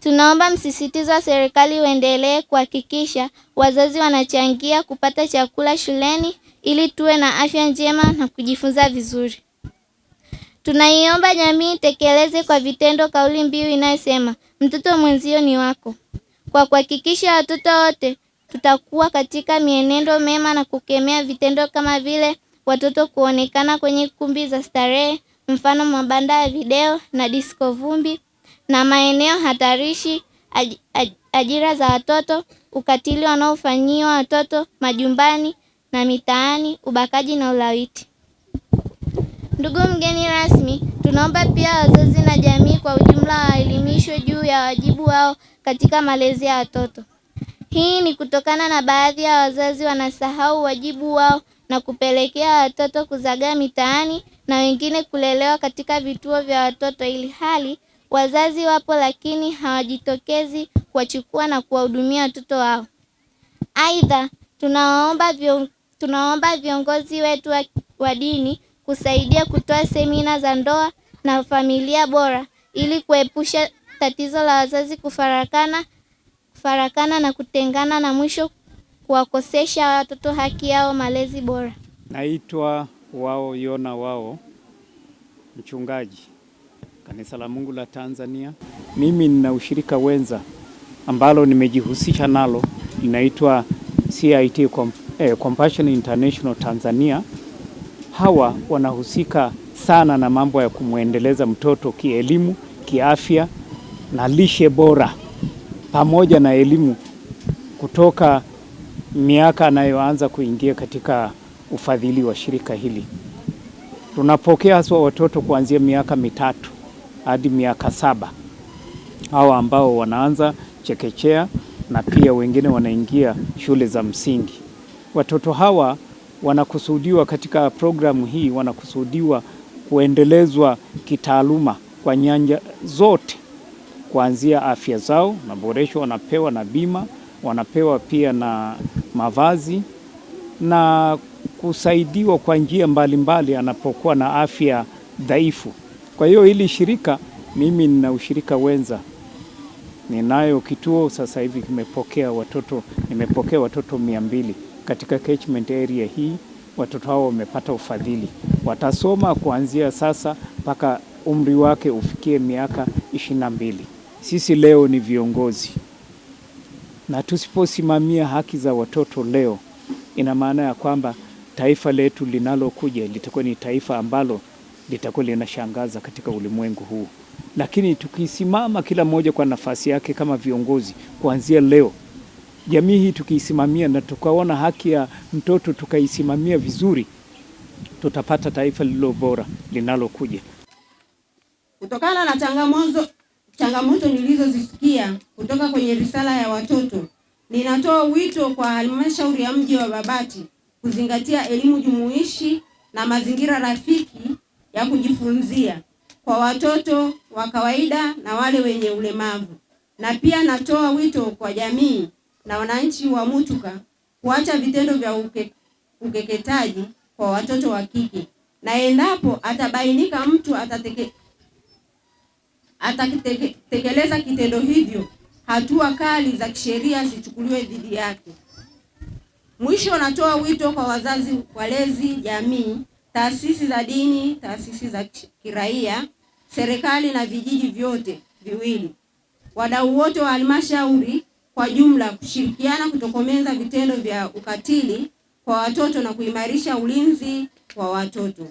Tunaomba msisitizo wa serikali uendelee kuhakikisha wazazi wanachangia kupata chakula shuleni ili tuwe na afya njema na kujifunza vizuri. Tunaiomba jamii itekeleze kwa vitendo kauli mbiu inayosema mtoto mwenzio ni wako. Kwa kuhakikisha watoto wote tutakuwa katika mienendo mema na kukemea vitendo kama vile watoto kuonekana kwenye kumbi za starehe, mfano mabanda ya video na disco vumbi na maeneo hatarishi, ajira za watoto, ukatili wanaofanyiwa watoto majumbani na mitaani, ubakaji na ulawiti. Ndugu mgeni rasmi, tunaomba pia wazazi na jamii kwa ujumla waelimishwe juu ya wajibu wao katika malezi ya watoto. Hii ni kutokana na baadhi ya wazazi wanasahau wajibu wao na kupelekea watoto kuzagaa mitaani na wengine kulelewa katika vituo vya watoto ili hali Wazazi wapo lakini hawajitokezi kuwachukua na kuwahudumia watoto wao. Aidha, tunawaomba vion, tunawaomba viongozi wetu wa, wa dini kusaidia kutoa semina za ndoa na familia bora ili kuepusha tatizo la wazazi kufarakana kufarakana na kutengana na mwisho kuwakosesha watoto haki yao malezi bora. Naitwa Wao Yona Wao, mchungaji. Kanisa la Mungu la Tanzania. Mimi nina ushirika wenza ambalo nimejihusisha nalo linaitwa CIT eh, Compassion International Tanzania. Hawa wanahusika sana na mambo ya kumwendeleza mtoto kielimu, kiafya na lishe bora pamoja na elimu kutoka miaka anayoanza kuingia katika ufadhili wa shirika hili. Tunapokea haswa watoto kuanzia miaka mitatu hadi miaka saba, hao ambao wanaanza chekechea na pia wengine wanaingia shule za msingi. Watoto hawa wanakusudiwa katika programu hii, wanakusudiwa kuendelezwa kitaaluma kwa nyanja zote, kuanzia afya zao maboresho, wanapewa na bima, wanapewa pia na mavazi na kusaidiwa kwa njia mbalimbali anapokuwa na afya dhaifu. Kwa hiyo hili shirika mimi nina ushirika wenza, ninayo kituo sasa hivi kimepokea watoto, nimepokea watoto mia mbili katika catchment area hii. Watoto hao wamepata ufadhili, watasoma kuanzia sasa mpaka umri wake ufikie miaka ishirini na mbili. Sisi leo ni viongozi na tusiposimamia haki za watoto leo, ina maana ya kwamba taifa letu linalokuja litakuwa ni taifa ambalo litakuwa linashangaza katika ulimwengu huu, lakini tukisimama kila mmoja kwa nafasi yake kama viongozi, kuanzia leo jamii hii tukiisimamia na tukaona haki ya mtoto tukaisimamia vizuri, tutapata taifa lililo bora linalokuja. Kutokana na changamoto changamoto nilizozisikia kutoka kwenye risala ya watoto, ninatoa wito kwa halmashauri ya mji wa Babati kuzingatia elimu jumuishi na mazingira rafiki ya kujifunzia kwa watoto wa kawaida na wale wenye ulemavu. Na pia natoa wito kwa jamii na wananchi wa Mutuka kuacha vitendo vya uke, ukeketaji kwa watoto wa kike, na endapo atabainika mtu atateke, atatekeleza kitendo hivyo, hatua kali za kisheria zichukuliwe dhidi yake. Mwisho, natoa wito kwa wazazi, walezi, jamii taasisi za dini, taasisi za kiraia, serikali na vijiji vyote viwili, wadau wote wa halmashauri kwa jumla kushirikiana kutokomeza vitendo vya ukatili kwa watoto na kuimarisha ulinzi wa watoto.